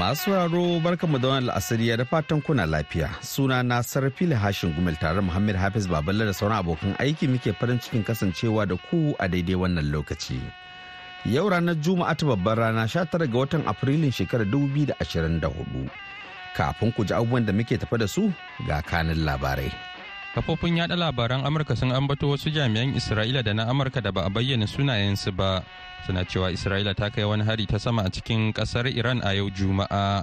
Masu sauraro barkanmu da wani la'asari da fatan kuna lafiya. Suna na sarfili hashin gumel tare Muhammad Hafiz Babalar da sauran abokan aiki muke farin cikin kasancewa da ku a daidai wannan lokaci. Yau ranar Juma'a ta babbar rana sha 19 ga watan Afrilun shekarar da hudu Kafin ku ji abubuwan da muke tafa da su ga kanin labarai. kafofin yada labaran amurka sun ambato wasu jami'an isra'ila da na amurka da ba a bayyana sunayensu ba suna cewa isra'ila ta kai wani hari ta sama a cikin kasar iran a yau juma'a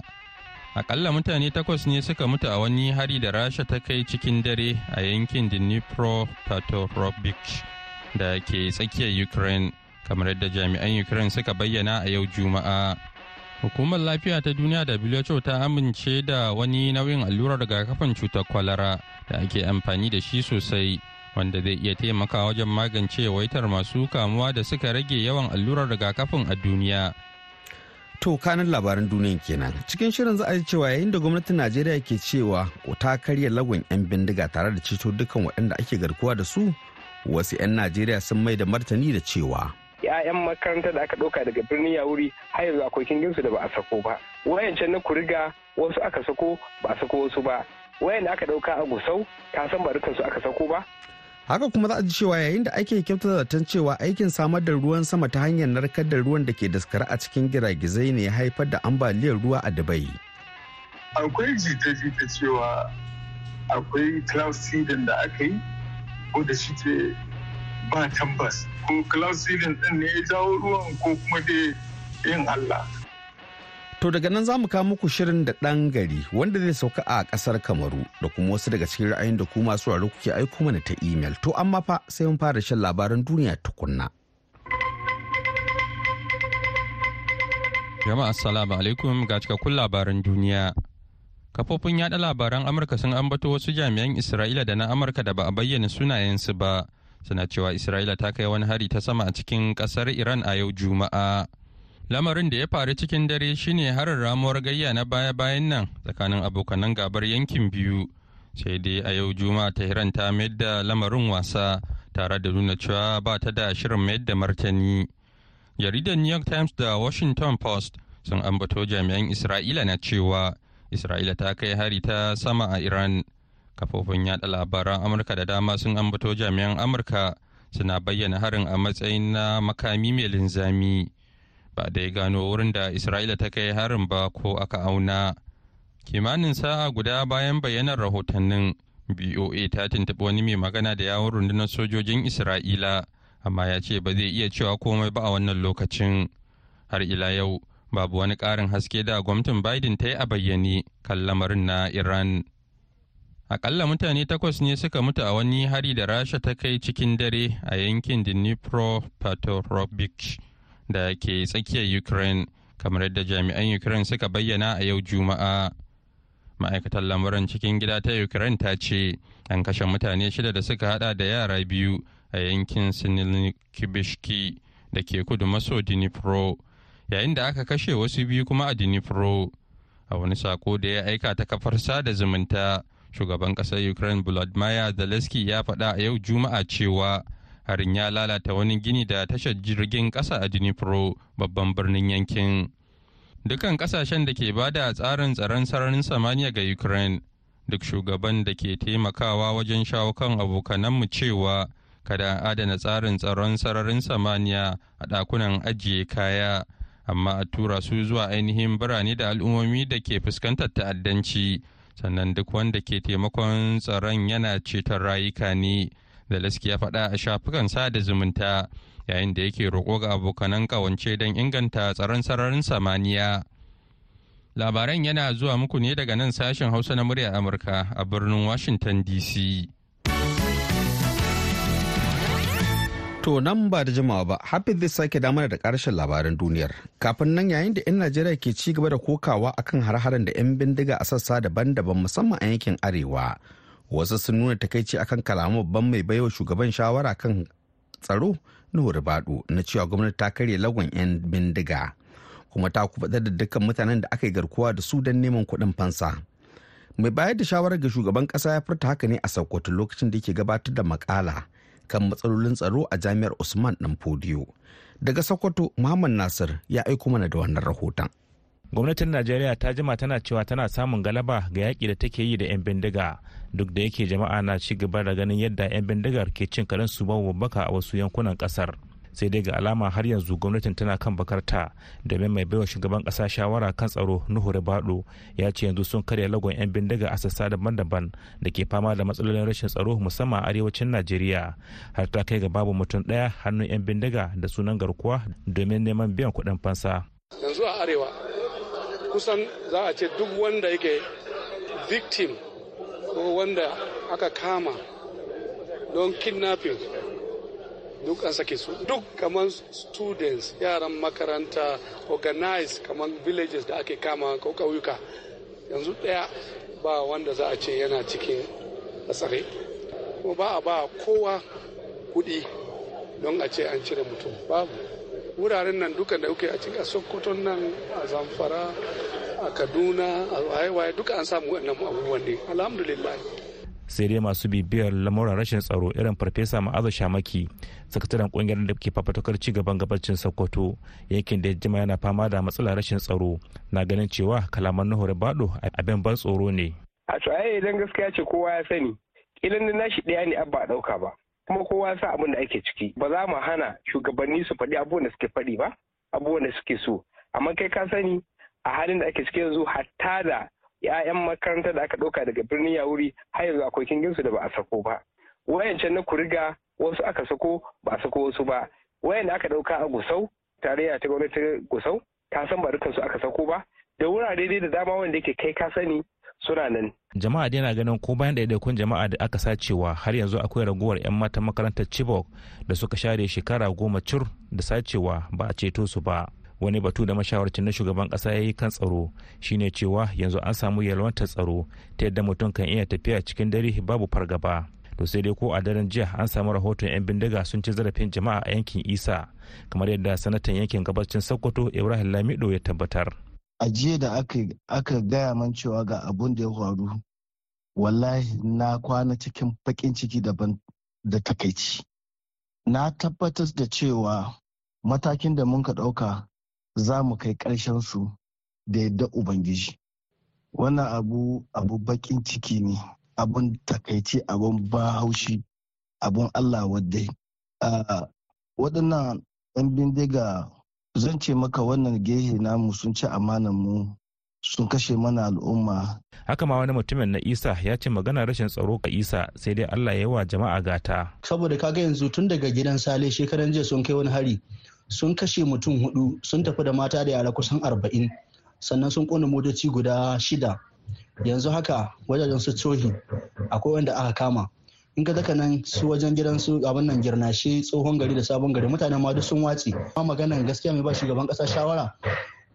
akalla mutane takwas ne suka mutu a wani hari da rasha ta kai cikin dare a yankin dnipro tatorovich da ke tsakiyar ukraine kamar yadda jami'an ukraine suka bayyana a yau juma'a Hukumar lafiya ta duniya da WHO ta amince da wani nauyin allurar rigakafin cutar kwalara da ake amfani da shi sosai wanda zai iya taimaka wajen magance waitar masu kamuwa da suka rage yawan allurar rigakafin a duniya. To kanin labaran duniyan kenan cikin shirin za a ji cewa yayin da gwamnatin Najeriya ke cewa ta karya lagun 'yan bindiga tare da ceto dukkan waɗanda ake garkuwa da su wasu 'yan Najeriya sun mai da martani da cewa. 'ya'yan makaranta da aka ɗauka daga birnin yawuri har yanzu akwai su da ba a sako ba wayancan na kuriga wasu aka sako ba a sako wasu ba wayan da aka ɗauka a gusau ka san ba dukansu aka sako ba haka kuma za a ji cewa yayin da ake kyautata zaton cewa aikin samar da ruwan sama ta hanyar narkar da ruwan da ke daskara a cikin giragizai ne haifar da ambaliyar ruwa a dubai akwai jita-jita cewa akwai cloud seeding da aka yi ko da shi ke ba tabbas ko cloud seeding din ne ya jawo ruwan ko kuma dai yin Allah. To daga nan za mu kawo muku shirin da ɗan gari wanda zai sauka a ƙasar Kamaru da kuma wasu daga cikin ra'ayin da ku masu raro kuke aiko mana ta imel. To amma fa sai mun fara shan labaran duniya tukunna. Jama'a assalamu alaikum ga cikakkun labaran duniya. Kafofin yaɗa labaran Amurka sun ambato wasu jami'an Isra'ila da na Amurka da ba a bayyana sunayensu ba suna cewa isra'ila ta kai wani hari ta sama a cikin kasar iran a yau juma'a lamarin da ya faru cikin dare shine harin ramuwar gayya na baya-bayan nan tsakanin abokanan gabar yankin biyu sai dai a yau juma'a tehran ta mayar da lamarin wasa tare da nuna cewa ba ta da shirin mayar da martani jaridar new york times da washington post sun ambato jami'an isra'ila na cewa isra'ila ta kai hari ta sama a iran kafofin yada labaran amurka da dama sun ambato jami'an amurka suna bayyana harin a matsayin na makami mai linzami ba dai gano wurin da isra'ila ta kai harin ba ko aka auna kimanin sa'a guda bayan bayyanar rahotannin boa ta tuntuɓi wani mai magana da yawon rundunar sojojin isra'ila amma ya ce ba zai iya cewa komai ba a wannan lokacin har ila yau babu wani ƙarin haske da gwamnatin biden ta yi a bayyane kan lamarin na iran Akalla mutane takwas ne suka mutu a wani hari da Rasha ta kai cikin dare a yankin Dnipropetrovsk da ke tsakiyar Ukraine, kamar yadda jami'an Ukraine suka bayyana a yau Juma'a. Ma'aikatar lamuran cikin gida ta Ukraine ta ce, an kashe mutane shida da suka hada da yara biyu a yankin Sinilkibishki da ke kudu maso Dnipro, yayin da aka kashe wasu biyu kuma a Dnipro. A wani sako da ya aika ta kafar sada zumunta. shugaban ƙasar ukraine volodymyr zelensky ya faɗa a yau juma'a cewa harin ya lalata wani gini da tashar jirgin ƙasa a dnipro babban birnin yankin dukkan ƙasashen da ke bada tsarin tsaron sararin samaniya ga ukraine duk shugaban da ke taimakawa wajen shawo kan abokananmu cewa kada adana tsarin tsaron sararin samaniya a ɗakunan ajiye kaya amma a tura su zuwa ainihin birane da al'ummomi da ke fuskantar ta'addanci sannan duk wanda ke taimakon tsaron yana ceton rayuka ne da ya faɗa a shafukan sada zumunta yayin da yake roƙo ga abokanan kawance don inganta tsaron sararin samaniya labaran yana zuwa muku ne daga nan sashen hausa na murya amurka a birnin washington dc To nan ba da jimawa ba, Hafiz zai sake damar da karshen labaran duniyar. Kafin nan yayin da 'yan Najeriya ke ci gaba da kokawa akan har-haren da 'yan bindiga a sassa daban-daban musamman a yankin Arewa. Wasu sun nuna takaici akan kalamu babban mai baiwa shugaban shawara kan tsaro Nuhu Ribadu na cewa gwamnati ta karya lagon 'yan bindiga. Kuma ta kubatar da dukkan mutanen da aka yi garkuwa da su don neman kuɗin fansa. Mai bayar da shawarar ga shugaban ƙasa ya furta haka ne a Sokoto lokacin da yake gabatar da maƙala. kan matsalolin tsaro a jami'ar Usman ɗan Fodiyo. Daga Sokoto, Muhammad Nasir ya aiko mana da wannan rahoton. Gwamnatin Najeriya ta jima tana cewa tana samun galaba ga yaƙi da take yi da 'yan bindiga duk da yake jama'a na ci gaba da ganin yadda 'yan bindigar ke cin karen su babbaka a wasu yankunan ƙasar. sai dai ga alama har yanzu gwamnatin tana kan bakarta domin mai baiwa shugaban kasa shawara kan tsaro nuhu ribado ya ce yanzu sun karya lagon 'yan bindiga a sassa daban-daban da ke fama da matsalolin rashin tsaro musamman a arewacin najeriya har ta kai ga babu mutum ɗaya hannun 'yan bindiga da sunan garkuwa domin neman biyan kuɗin fansa yanzu a arewa kusan za a ce duk wanda yake victim ko wanda aka kama don kidnapping duk an sake su duk kamar students yaran makaranta organized kamar villages da ake kama ko ƙauyuka yanzu ɗaya ba wanda za a ce yana cikin tsare kuma ba a ba kowa kuɗi don a ce an cire mutum babu wuraren nan dukan da kuke a cikin sokoton nan a zamfara a kaduna a haiwaye duka an samu wannan abubuwan ne alhamdulillah sai dai masu bibiyar lamuran rashin tsaro irin farfesa ma'azu shamaki sakataren kungiyar da ke fafatakar ci gaban gabacin sokoto yankin da jima yana fama da matsalar rashin tsaro na ganin cewa kalaman nuhu bado abin ban tsoro ne a tsaye idan gaskiya ce kowa ya sani idan na shi ɗaya ne abba a ɗauka ba kuma kowa sa abin da ake ciki ba za mu hana shugabanni su faɗi abubuwan da suke faɗi ba abubuwan da suke so amma kai ka sani a halin da ake ciki yanzu hatta da 'ya'yan makarantar da aka ɗauka daga birnin yawuri har yanzu akwai su da ba a sako ba wayancan na kuriga wasu aka sako ba a sako wasu ba wayanda aka ɗauka a gusau tarayya ta gwamnati gusau ka san ba dukansu aka sako ba da wurare dai da dama wanda yake kai ka sani suna nan. Jama'a dai na ganin ko bayan ɗaiɗaikun jama'a da aka sacewa har yanzu akwai raguwar 'yan mata makarantar Chibok da suka share shekara goma cur da sacewa ba a ceto su ba. wani batu da mashawarci na shugaban kasa ya yi kan tsaro shine cewa yanzu an samu yalwanta tsaro ta yadda mutum kan iya tafiya cikin dare babu fargaba to sai dai ko a daren jiya an samu rahoton 'yan bindiga sun ci zarafin jama'a a yankin isa kamar yadda sanatan yankin gabacin sokoto ibrahim lamido ya tabbatar a jiya da aka gaya man cewa ga abun da ya faru wallahi na kwana cikin bakin ciki daban da takaici na tabbatar da cewa matakin da mun ka ɗauka za mu kai ƙarshen su da yadda ubangiji wannan abu abu bakin ciki ne abun takaici abun bahaushi abun allah wadda waɗannan 'yan bindiga zan ce maka wannan gehe namu sun ci mu sun kashe mana al'umma. Haka ma wani mutumin na Isa ya ce magana rashin tsaro ga Isa sai dai Allah ya yi wa jama'a gata. Saboda kaga yanzu tun daga gidan Sale shekaran jiya sun kai wani hari sun kashe mutum hudu sun tafi da mata da yara kusan arba'in sannan sun kona motoci guda shida yanzu haka wajajen su cohi akwai wanda aka kama in ka daga nan su wajen gidan su abin nan girnashe tsohon gari da sabon gari mutanen ma duk sun watse amma maganan gaskiya mai ba shugaban kasa shawara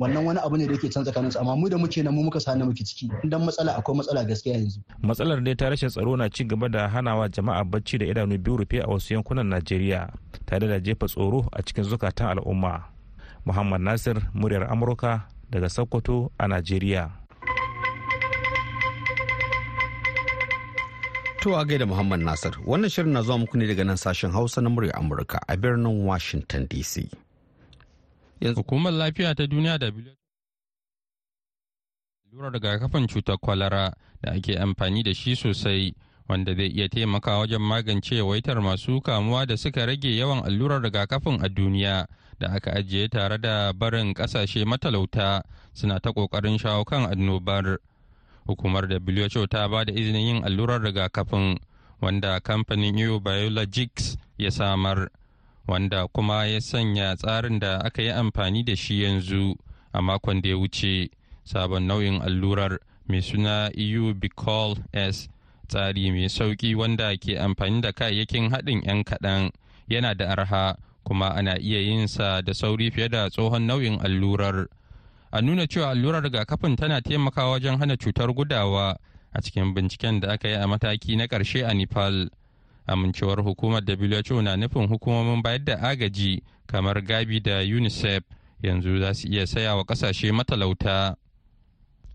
wannan wani abu ne da yake can su amma mu da muke nan mu muka sani muke ciki dan matsala akwai matsala gaskiya yanzu matsalar ne ta rashin tsaro na ci gaba da hanawa jama'a bacci da idanu biyu rufe a wasu yankunan Najeriya tare da jefa tsoro a cikin zukatan al'umma Muhammad Nasir muryar Amurka daga Sokoto a Najeriya To a gaida Muhammad Nasir, wannan shirin na zuwa muku ne daga nan sashen Hausa na murya Amurka a birnin Washington DC. Hukumar lafiya ta duniya da allurar rigakafin cutar kwalara da ake amfani da shi sosai wanda zai iya taimaka wajen magance waitar masu kamuwa da suka rage yawan allurar daga kafin a duniya da aka ajiye tare da barin kasashe matalauta suna ta kokarin shawo kan annobar hukumar who ta ba da izinin yin allurar daga kafin wanda kamfanin eu biologics ya samar wanda kuma ya sanya tsarin da aka yi amfani da shi yanzu a makon da ya wuce sabon nau'in allurar mai suna eu bicol s tsari mai sauki wanda ke amfani da kayayyakin haɗin 'yan kaɗan yana da arha kuma ana iya yin sa da sauri fiye da tsohon nau'in allurar a nuna cewa allurar rigakafin tana taimakawa wajen hana cutar gudawa a cikin binciken da aka yi a mataki na ƙarshe a nepal amincewar hukumar who na nufin hukumomin bayar da agaji kamar gabi da unicef yanzu za su iya saya wa kasashe matalauta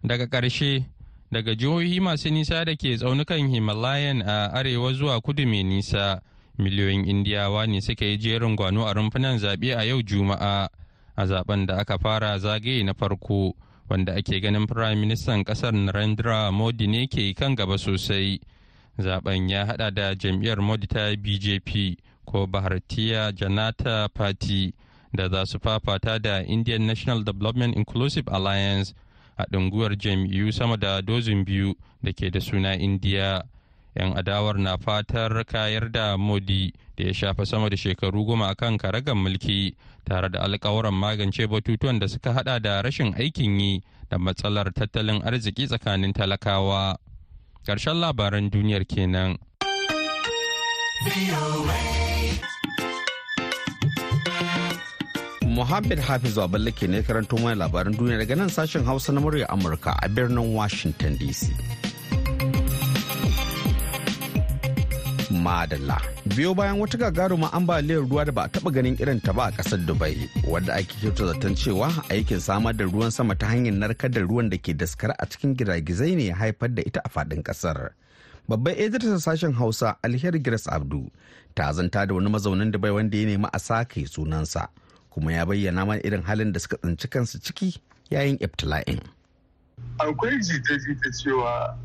daga ƙarshe daga jihohi masu nisa da ke tsaunukan himalayan a arewa zuwa kudu mai nisa miliyoyin indiyawa ne suka yi jerin gwano a rumfunan zaɓe a yau juma'a a zaben da aka fara zagaye na farko wanda ake ganin firayim ministan ƙasar narendra modi ne ke kan gaba sosai zaben ya hada da jam'iyyar modita bjp ko bahartiya janata party da za su fafata da indian national development inclusive alliance a ɗunguwar jam'iyyu sama da dozin biyu da ke da suna indiya 'yan adawar na fatar kayar da modi da ya shafa sama da shekaru goma a kan karagar mulki tare da alkawaran magance batutuwan da suka hada da rashin aikin yi da matsalar tattalin arziki tsakanin talakawa Karshen labaran duniyar kenan. Muhammad Hafizu Baballe ke ne karanto mana labaran duniya daga nan sashen Hausa na murya Amurka a birnin Washington DC. madalla biyo bayan wata gagaruma ambaliyar ruwa da ba a taba ganin irin ta ba a kasar dubai wadda ake kyauta zaton cewa aikin samar da ruwan sama ta hanyar narkar da ruwan da ke daskara a cikin gizagizai ne haifar da ita a faɗin kasar babban editan sashen hausa alheri grace abdu ta zanta da wani mazaunin dubai wanda ya nemi a sake sunansa kuma ya bayyana mana irin halin da suka tsinci kansu ciki yayin ibtila'in akwai jita-jita cewa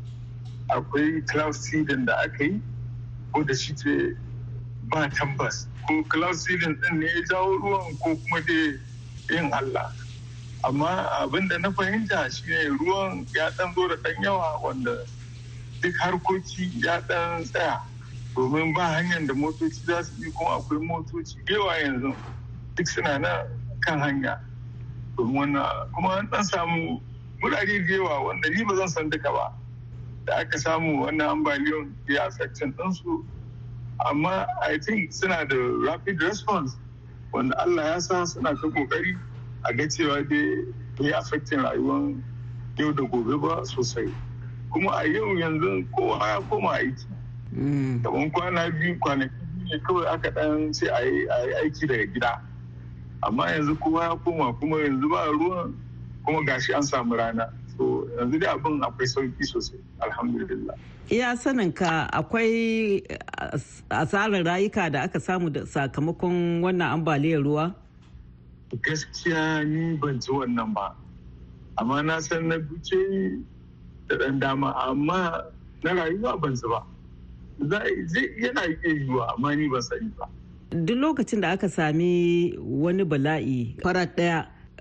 akwai cloud seeding da aka yi ko da shi ce ba tambas ko cloud ceiling din ne ya jawo ruwan ko kuma da yin Allah amma abin da na fahimta shi ne ruwan ya dan zo da dan yawa wanda duk harkoki ya dan tsaya domin ba hanyar da motoci za su bi kuma akwai motoci yawa yanzu duk suna na kan hanya domin wannan kuma an dan samu wurare da wanda ni ba zan san duka ba da aka samu wannan ambaliyon ya affectin Ɗansu amma i think suna da rapid response wanda allah ya sa suna ta kokari a ga cewa dai ya affectin rayuwar yau da gobe ba sosai kuma a yau yanzu kowa ya koma aiki mm. kamar kwana biyu kwanaki ne kawai aka dan ce a yi aiki daga gida amma yanzu kowa ya koma kuma yanzu ba ruwan kuma gashi an samu rana so yanzu da abin akwai sauki sosai alhamdulillah iya sanin ka akwai uh, asarar rayuka da aka samu da sakamakon wannan ambaliyar ruwa gaskiya ni ban ci wannan ba amma na san na buce da ɗan dama amma na rayuwa ban ci ba yana iya yiwa amma ni ban sani ba duk lokacin da aka sami wani bala'i farat ɗaya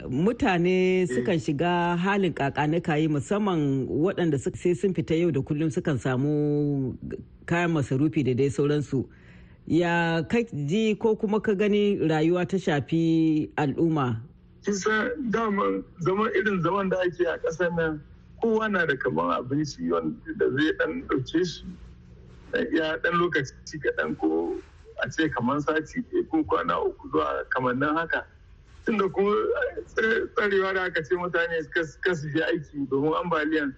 mutane eh. sukan shiga halin kakanika yi musamman waɗanda sai sun fita yau da kullum sukan samu kayan masarufi da dai sauransu ya kai ji ko kuma ka gani rayuwa ta shafi al'umma kisa dama zama irin zaman da ake a ƙasar nan kowa na da kamar abinci da zai dan ɗauke shi ya dan lokaci kaɗan ko a ce kamar sati ko kwana uku zuwa kamar nan haka tunda kuma eh, tsarewa da aka ce mutane kasu je aiki domin ambaliyan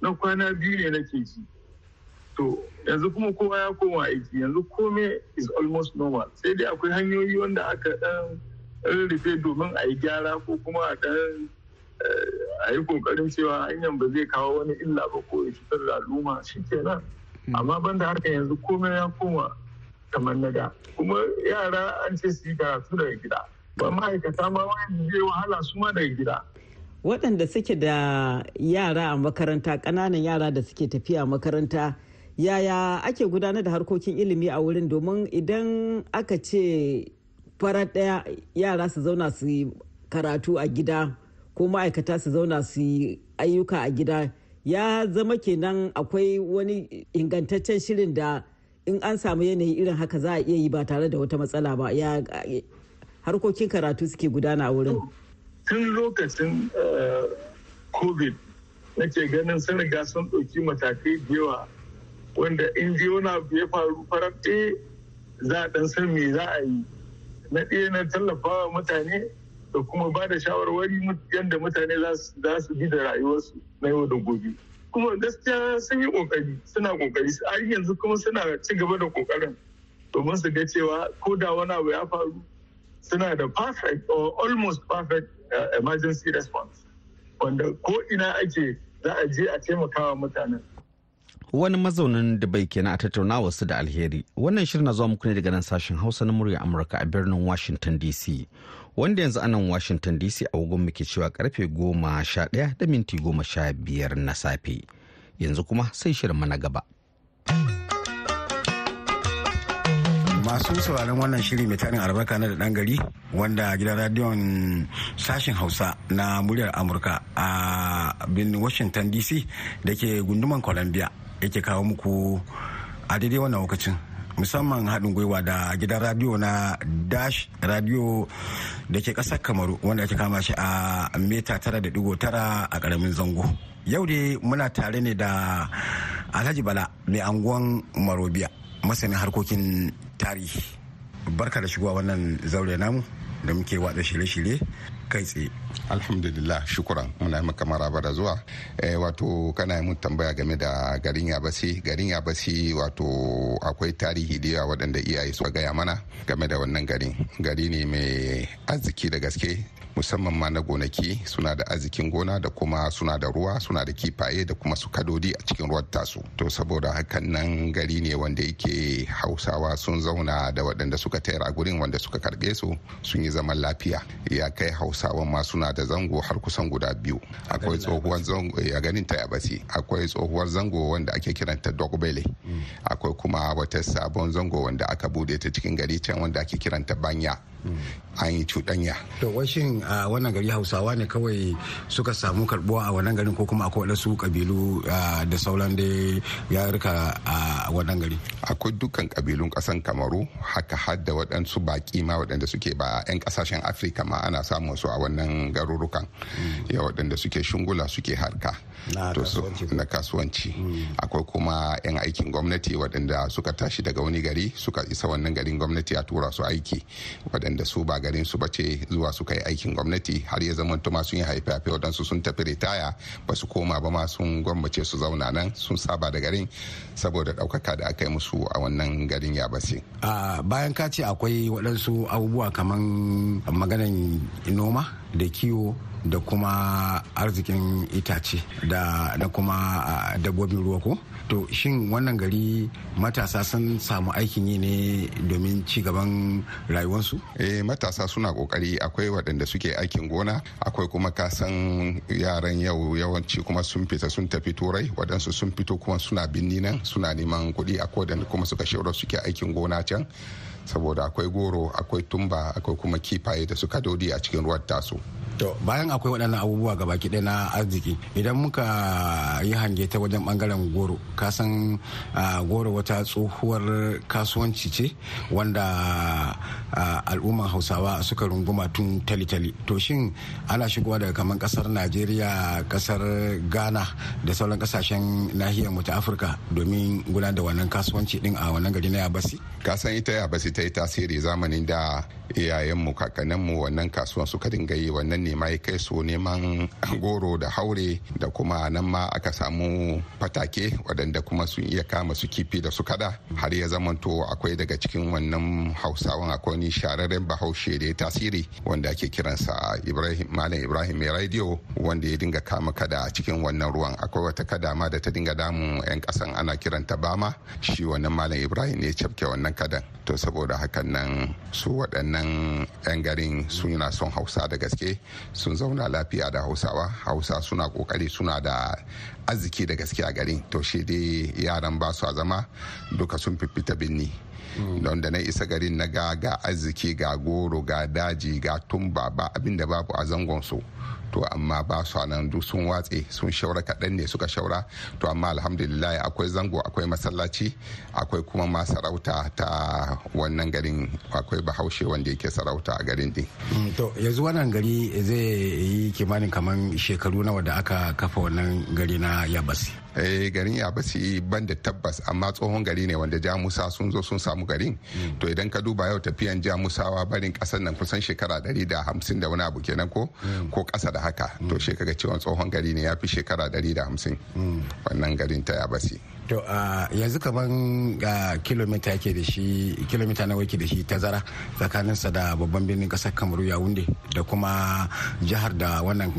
na kwana biyu ne na ke to yanzu kuma kowa ya koma aiki yanzu kome is almost normal sai dai akwai hanyoyi wanda aka dan rufe domin a yi gyara ko kuma a dan eh, a yi kokarin cewa hanyar ba zai kawo wani illa ba ko ya cutar da al'umma shi kenan hmm. amma banda harkar yanzu komai ya koma kamar na da kuma yara an ce su yi karatu daga gida ba ma'aikata ma wani zai wahala su ma da gida waɗanda suke da yara a makaranta ƙananan yara da suke tafiya makaranta yaya ake gudanar da harkokin ilimi a wurin domin idan aka ce farar ɗaya yara su zauna su yi karatu a gida ko ma'aikata su zauna su yi ayyuka a gida ya zama kenan akwai wani ingantaccen shirin da in an samu yanayi irin haka za a iya yi ba tare da wata matsala ba harkokin karatu suke gudana a wurin tun lokacin eh, covid nake ganin sun riga sun ɗauki matakai da wanda in ji wani abu ya faru farafte eh, za a ɗan san me za a yi na ɗaya na tallafawa mutane da kuma ba da shawarwari yadda mutane za su bi da rayuwarsu na yau da gobe kuma gaskiya sun yi ƙoƙari suna kokari har yanzu kuma suna ci gaba da ƙoƙarin domin su ga cewa ko da wani abu ya faru suna da perfect or almost perfect uh, emergency response wanda ko ina ake za a je a taimakawa mutanen wani mazaunin da bai kenan a tattauna wasu da alheri wannan shirin na zuwa muku ne daga nan sashen hausa na murya amurka a birnin washington dc wanda yanzu anan washington dc a wugun muke cewa karfe goma sha ɗaya da minti goma sha biyar na safe yanzu kuma sai shirin mana gaba masu sauraron wannan shiri mai tarin albarka na da dan gari wanda gidan radiyon sashen hausa na muryar amurka a birnin washington dc da ke gunduman columbia yake kawo muku a daidai wannan lokacin musamman haɗin gwiwa da gidan radiyo na dash radio da ke ƙasar kamaru wanda ake kama shi a mita tara da digo tara a ƙaramin zango yau dai muna tare ne da alhaji bala mai anguwan marobiya masanin harkokin tarihi barka da shigowa wannan zaure namu da muke watsa shirye-shirye kai tsaye alhamdulillah shukuran muna maka maraba da zuwa eh, wato kana mun tambaya game da garin yabasi garin yabasi wato akwai tarihi da yawa waɗanda iyaye suka gaya mana game da wannan garin gari ne mai arziki da gaske musamman ma na gonaki suna da arzikin gona da kuma suna da ruwa suna da kifaye da kuma su kadodi a cikin ruwan tasu to saboda hakan nan gari ne wanda yake hausawa sun zauna da waɗanda suka tayar a gurin wanda suka karɓe su sun yi zaman lafiya ya kai hausa Sabon ma suna da zango har kusan guda biyu akwai tsohuwar zango ya eh, ganin ta yabasi akwai tsohuwar zango wanda ake kiranta dogbele mm. akwai kuma wata sabon zango wanda aka bude ta cikin gari can wanda ake kiranta banya an yi cuɗanya. To washin a wannan gari Hausawa ne kawai suka samu karbuwa a wannan garin ko kuma akwai waɗansu kabilu da sauran da ya rika a wannan gari. Akwai dukkan kabilun ƙasan Kamaru haka har da waɗansu baƙi ma waɗanda suke ba 'yan ƙasashen Afirka ma ana samun su a wannan garurukan. Mm. Ya waɗanda suke shungula suke harka. na kasuwanci hmm. akwai kuma 'yan aikin gwamnati waɗanda suka tashi daga wani gari suka isa wannan garin gwamnati a tura su aiki waɗanda su ba garin su bace zuwa suka yi aikin gwamnati har ya zama tuma sun yi haifafe waɗansu sun tafi ritaya ba su koma ba ma sun gwammace su zauna nan sun saba da garin saboda ɗaukaka da aka yi musu a wannan garin ya basi. bayan ka ce akwai waɗansu abubuwa kamar maganan noma da kiwo da kuma arzikin itace da, kuma dabbobin ruwa ko to shin wannan gari matasa sun samu aikin yi ne domin ci gaban rayuwarsu eh matasa suna kokari akwai waɗanda suke aikin gona akwai kuma kasan yaran yau yawanci kuma sun fita sun tafi turai waɗansu sun fito kuma suna binni nan suna neman kuɗi a kodan kuma suka shaura suke aikin gona can saboda akwai goro akwai tumba akwai kuma kifaye da suka dodi a cikin ruwan tasu to bayan akwai waɗannan abubuwa ga baki ɗaya na arziki idan muka yi hange ta wajen bangaren goro kasan goro wata tsohuwar kasuwanci ce wanda al'umman hausawa suka runguma tun tali-tali to shin ana shigowa daga kamar kasar najeriya kasar ghana da sauran kasashen nahiyar mu ta afirka domin gudanar da wannan kasuwanci din a wannan gari na yabasi kasan ita yabasi ta yi tasiri zamanin da iyayenmu kakanninmu wannan kasuwan suka dinga yi wannan nema ya kai su neman goro da haure da kuma nan ma aka samu fatake waɗanda kuma sun iya kama su kifi da su kada har ya zamanto akwai daga cikin wannan hausawan akwai ni shararren bahaushe da ya tasiri wanda ake kiransa ibrahim malam ibrahim mai radio wanda ya dinga kama kada a cikin wannan ruwan akwai wata kada ma da ta dinga damun 'yan kasan ana kiranta bama shi wannan malam ibrahim ne ya cafke wannan kadan to saboda hakan nan su waɗannan nan 'yan garin suna son hausa da gaske sun zauna lafiya da hausawa hausa suna kokari suna da arziki da gaske a garin to shi dai yaran ba su zama duka sun fifita binni mm. don da na isa garin na ga ga arziki ga goro ga daji ga tumba ba abinda babu a zangon su to amma ba su nan duk sun watse sun shaura kaɗan ne suka shaura to amma alhamdulillah akwai zango akwai masallaci akwai kuma ma sarauta ta wannan garin akwai bahaushe wanda yake sarauta a garin din. Mm, to yanzu wannan gari zai yi kimanin kaman shekaru nawa da aka kafa wannan gari na yabasi. eh garin yabasi ban da tabbas amma tsohon gari ne wanda jamusa sun zo sun samu garin hmm. to idan ka duba yau tafiyan jamusawa barin kasar nan kusan shekara ɗari da hamsin da wani abu kenan ko hmm. ko kasa da haka to hmm. shekaga cewa tsohon gari ne ya fi shekara ɗari da hamsin wannan garin ta ya basi. to yanzu kaman kilomita ke da shi kilomita nawa ke da shi tazara tsakaninsa da babban birnin kasar kamaru ya wunde da kuma jihar da wannan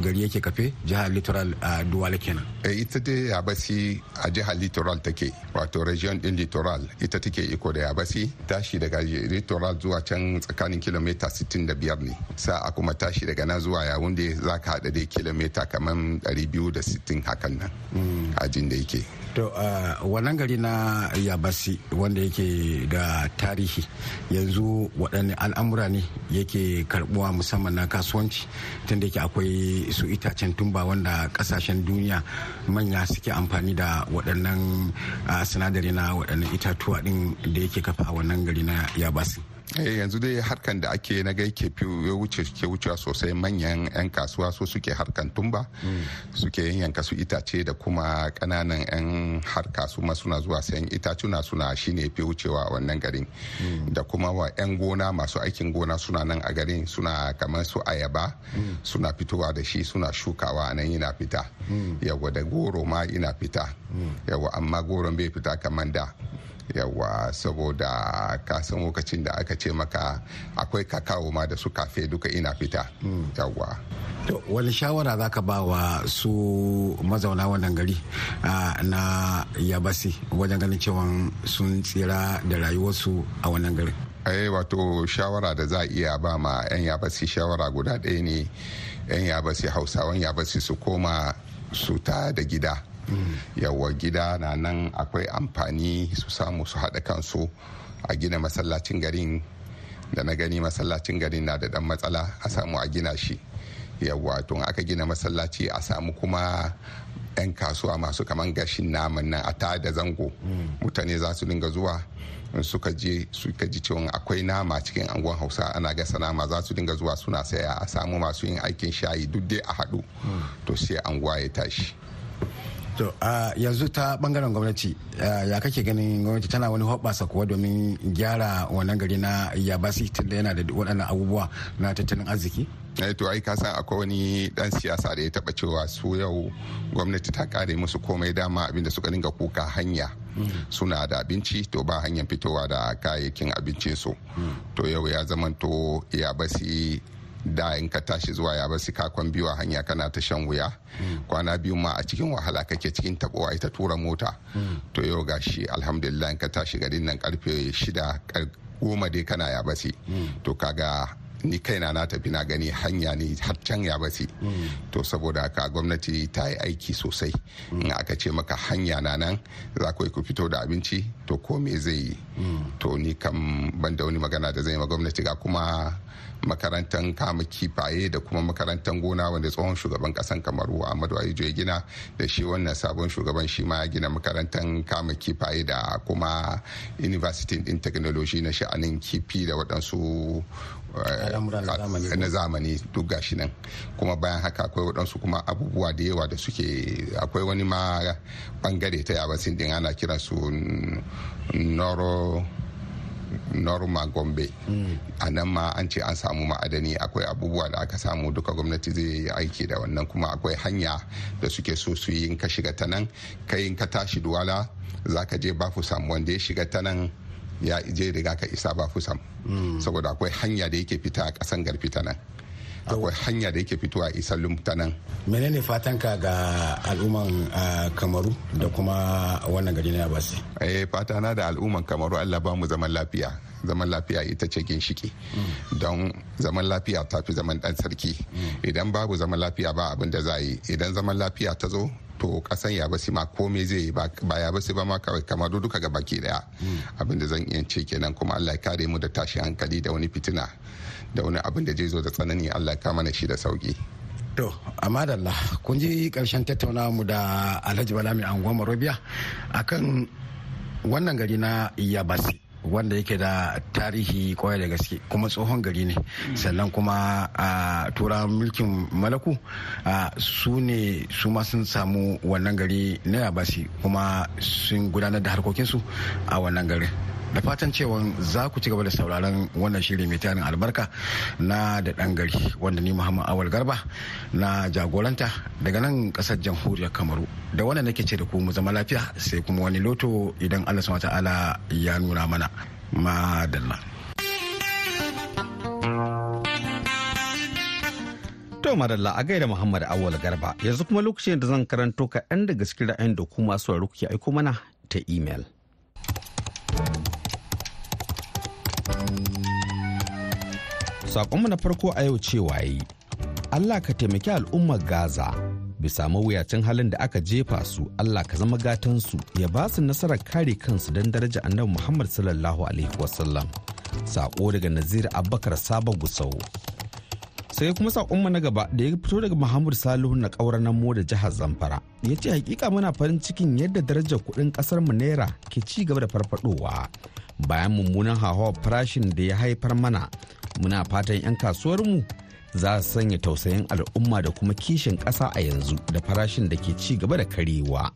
gari yake kafe jihar littoral duwala kenan eh, ita dai yabasi a jihar littoral take wato region din littoral ita take iko da yabasi tashi daga littoral zuwa can tsakanin kilomita 65 ne sa a kuma tashi daga nan zuwa ya wunde za ka haɗa dai kilomita da 260 hakan nan mm. a jin da yake to uh, wannan gari na yabasi wanda yake da tarihi yanzu waɗanne al'amura ne yake karɓuwa musamman na kasuwanci tunda yake akwai su itacen tumba wanda ƙasashen duniya manya suke amfani da waɗannan uh, sinadari na waɗannan itatuwa ɗin da yake kafa a wannan gari na yabasi Eh, yanzu dai harkan da ake na gai ke wuce ke wucewa sosai manyan 'yan kasuwa so suke harkan tumba mm. suke yanka su itace da kuma kananan 'yan har kasuma suna zuwa sayan itatuna suna shine fi wucewa wannan garin mm. da kuma wa 'yan gona masu aikin gona suna nan a garin suna kamar su ayaba mm. suna fitowa da shi suna shukawa nan yana fita yawa da goro ma ina fita yawa amma goron bai fita kamar da yawa saboda ka san lokacin da aka ce maka akwai kakao ma da su kafe duka ina fita hmm. yawa to wani shawara za ka ba wa su mazauna wannan gari na yabasi wajen ganin cewa sun tsira da rayuwarsu a wannan garin eh, wato shawara da za a iya ba ma 'yan yabasi shawara guda ɗaya ne 'yan yabasi hausawan yabasi su koma su ta da gida yawa gida na nan akwai amfani su samu su haɗa kansu a gina masallacin garin da na gani masallacin garin na da ɗan matsala a samu a gina shi yawa tun aka gina masallaci a samu kuma 'yan kasuwa masu kaman gashin naman nan a tada zango mutane za su dinga zuwa suka je suka ji cewa akwai nama cikin angon hausa ana gasa nama za su dinga zuwa suna saya a samu masu yin aikin shayi duk dai a haɗu to sai anguwa ya tashi To yanzu ta bangaren gwamnati ya kake ganin gwamnati tana wani hoɓasa kuwa domin gyara wannan gari na yabasi tunda yana da waɗannan abubuwa na tattalin arziki? Eh, to ai ka san akwai wani dan siyasa da ya taba cewa su yau gwamnati ta kare musu komai dama abinda suka dinga kuka hanya mm. suna da abinci to ba hanyar fitowa da kayayyakin abincin su mm. to yau ya zamanto ya da in ka tashi zuwa ya basi kakon biyu a hanya kana ta shan wuya kwana biyu ma a cikin wahala kake cikin tabowa ita tura mota to yau gashi alhamdulillah in ka tashi garin nan karfe shida goma dai kana ya basi to kaga ni kaina na tafi na gani hanya ne har can ya bace to saboda haka gwamnati ta yi aiki sosai in aka ce maka hanya na nan za ku ku fito da abinci to ko me zai yi to ni kam ban da wani magana da zai ma gwamnati ga kuma makarantar kama kifaye da kuma makarantar gona wanda tsohon shugaban kasan kamaru ahmadu ayijo ya gina da shi wannan sabon shugaban shi ma gina makarantar kama kifaye da kuma university din technology na sha'anin kifi da waɗansu eh, na zamani duk gashi nan kuma bayan haka akwai waɗansu kuma abubuwa da yawa da suke akwai wani ma bangare ta yabasin din ana kiransu noro norma gombe hmm. a nan ma an ce an samu ma'adani akwai abubuwa da aka samu duka gwamnati zai yi aiki da wannan kuma akwai hanya da suke so su yi ka shiga ta nan kai in ka tashi duwala za ka je bafusam wanda ya shiga ta nan ya je riga ka isa bafusam hmm. saboda akwai hanya da yake fita a kasan garfi ta nan akwai hanya da yake fitowa isa lumtanan menene fatan ka ga al'umman kamaru da kuma wannan gari na eh fata na da al'umman kamaru Allah ba mu zaman lafiya zaman lafiya ita ce ginshiki mm. don zaman lafiya ta fi zaman dan sarki mm. idan babu zaman lafiya ba abin da za yi idan zaman lafiya ta zo to kasan ya basi ma komai zai yi ba ya basi ba ma kawai kamar duka ga baki daya mm. abin da zan iya ce kenan kuma Allah ya kare mu da tashi hankali da wani fitina da wani abin da zai zo da tsanani allah ka mana shi da sauki To, madalla, kun ji karshen tattaunawa mu da Alhaji bala mai Angoma Robia akan wannan gari na Yabasi. wanda yake da tarihi kwaya da gaske kuma tsohon gari ne sannan kuma a tura mulkin malaku su ne su ma sun samu wannan gari na yabasi kuma sun gudanar da harkokinsu a wannan garin da fatan cewa za ku ci gaba da sauraron wannan shirin mai tarin albarka na da dan gari wanda ni muhammad awal garba na jagoranta daga nan ƙasar jamhuriyar kamaru da wannan nake ce da ku mu zama lafiya sai kuma wani loto idan allah subhanahu ta'ala ya nuna mana madalla To madalla a gaida Muhammad Awal Garba yanzu kuma lokacin da zan karanto kaɗan daga cikin ra'ayin da kuma masu kuke aiko mana ta imel. Saƙonmu na farko a yau cewa yi, Allah ka taimaki al'ummar Gaza bisa mawuyacin halin da aka jefa su Allah ka zama gatansu ya ba su nasarar kare kansu don daraja annabi Muhammad sallallahu alaihi wasallam. Saƙo daga Nazir Abubakar Sabon Gusau. sai kuma saƙonmu na gaba da ya fito daga Muhammad Salihu na na namo da jihar Zamfara ya ce hakika muna farin cikin yadda darajar kuɗin ƙasar mu naira ke ci gaba da farfadowa bayan mummunan hawa farashin da ya haifar mana muna fatan 'yan kasuwarmu za su sanya tausayin al'umma da kuma kishin ƙasa a yanzu da farashin da ke ci gaba da karewa.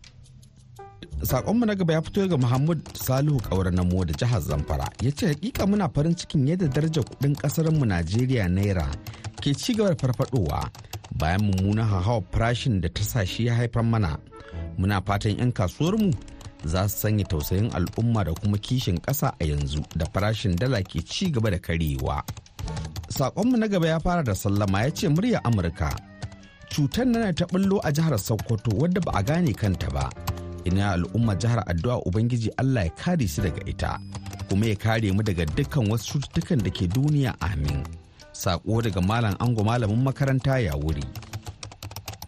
saƙonmu na gaba ya fito ga Muhammad Salihu Kaura na da jihar Zamfara ya ce hakika muna farin cikin yadda daraja kuɗin kasar mu Najeriya naira ke ci gaba da farfadowa bayan mummunan hawa farashin da ta sashi shi ya haifar mana muna fatan yan kasuwar mu za su sanya tausayin al'umma da kuma kishin ƙasa a yanzu da farashin dala ke ci gaba da karewa. Saƙonmu na gaba ya fara da sallama ya ce murya Amurka. Cutar nana ta ɓullo a jihar Sokoto wadda ba a gane kanta ba. Ina al'umma jihar addu'a Ubangiji Allah ya kare su daga ita, kuma ya kare mu daga dukkan wasu cututtukan da ke duniya amin. Saƙo daga malam ango malamin makaranta ya wuri.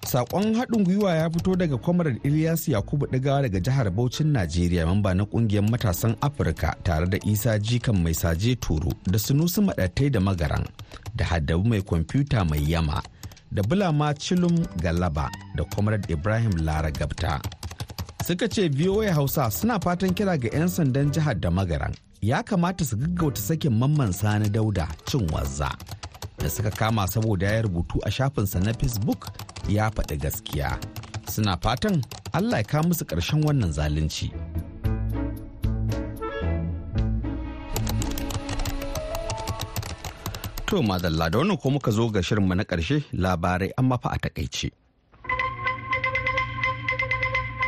Sakon haɗin gwiwa ya fito daga kwamarar Ilyas Yakubu Digawa daga jihar Bauchin Najeriya mamba na ƙungiyar matasan Afirka tare da Isa Jikan mai saje turu da Sunusu madatai da Magaran da Haddabu mai kwamfuta mai yama da Bulama Cilum Galaba da kwamarar Ibrahim Lara Gabta. Suka ce VOA Hausa suna fatan kira ga 'yan sandan jihar da Magaran ya kamata su gaggauta sakin mamman sani dauda cin wazza da suka kama saboda ya rubutu a shafinsa na facebook ya faɗi gaskiya suna fatan allah ya musu ƙarshen wannan zalunci to madalla da wannan ko muka zo ga shirinmu na ƙarshe labarai an mafa a takaice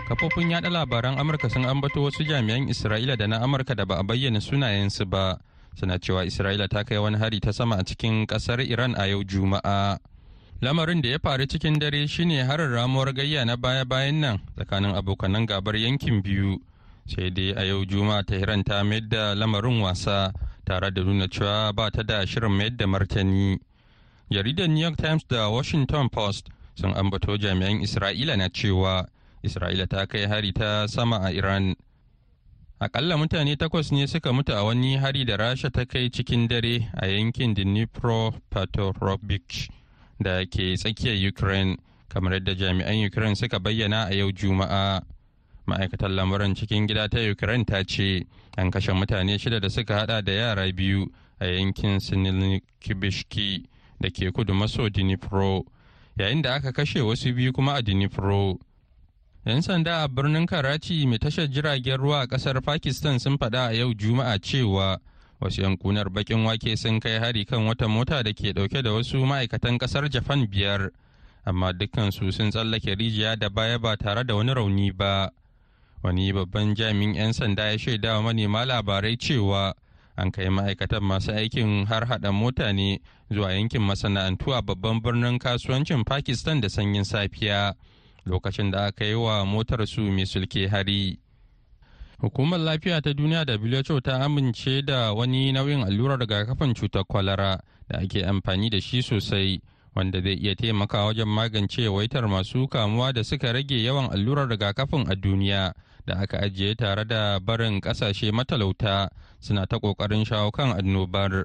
kafofin yaɗa labaran amurka sun ambato wasu jami'an isra'ila da na amurka da ba a bayyana sunayensu ba suna cewa isra'ila ta kai wani hari ta sama a cikin ƙasar iran a yau juma'a lamarin da ya faru cikin dare shine harin ramuwar gayya na baya-bayan nan tsakanin abokanan gabar yankin biyu sai dai a yau juma'a tehran ta mayar da lamarin wasa tare da nuna cewa ba ta da shirin mayar da martani jaridar new york times da washington post sun ambato jami'an isra'ila na cewa isra'ila ta kai hari ta sama a iran akalla mutane takwas ne suka mutu a wani hari da rasha ta kai cikin dare a yankin dnipropetrovsk da ke tsakiyar ukraine kamar yadda jami'an ukraine suka bayyana a yau juma'a ma'aikatar lamuran cikin gida ta ukraine ta ce an kashe mutane shida da suka hada da yara biyu a yankin sinilkibishki da ke kudu maso dnipro yayin da aka kashe wasu biyu kuma a dnipro 'yan sanda a birnin karachi mai tashar jiragen ruwa a kasar pakistan sun faɗa a yau juma'a cewa wasu yankunar bakin wake sun kai hari kan wata mota da ke dauke da wasu ma'aikatan kasar japan biyar amma dukkansu sun tsallake rijiya da baya ba tare da wani rauni ba wani babban jami'in 'yan sanda ya shaida wa manema labarai cewa an kai ma'aikatan masu aikin har hada mota ne zuwa yankin masana'antu a babban birnin kasuwancin pakistan da sanyin safiya lokacin da aka yi wa motar su mai sulke hari Hukumar lafiya ta duniya da WHO ta amince da wani nau'in allurar rigakafin cutar kwalara da ake amfani da shi sosai wanda zai iya taimakawa wajen magance yawaitar masu kamuwa da suka rage yawan allurar rigakafin a duniya da aka ajiye tare da barin kasashe matalauta suna ta kokarin shawo kan annobar.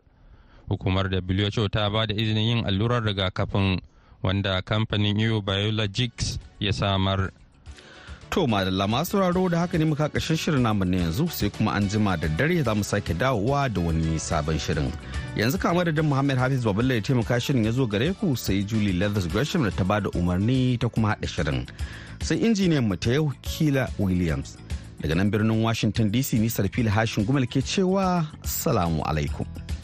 Hukumar da WHO ta ba da izinin yin allurar rigakafin wanda kamfanin Biologics ya samar. To madalla masu sauraro da haka ne muka ƙarshen shirin namu na yanzu sai kuma an jima da dare za mu sake dawowa da wani sabon shirin. Yanzu kama da dan Muhammad Hafiz Baballe ya taimaka shirin ya zo gare ku sai Julie Leathers Gresham da ta bada umarni ta kuma haɗa shirin. Sai injiniyan mu ta yau Kila Williams. Daga nan birnin Washington DC ni sarfil Hashin Gumal ke cewa salamu alaikum.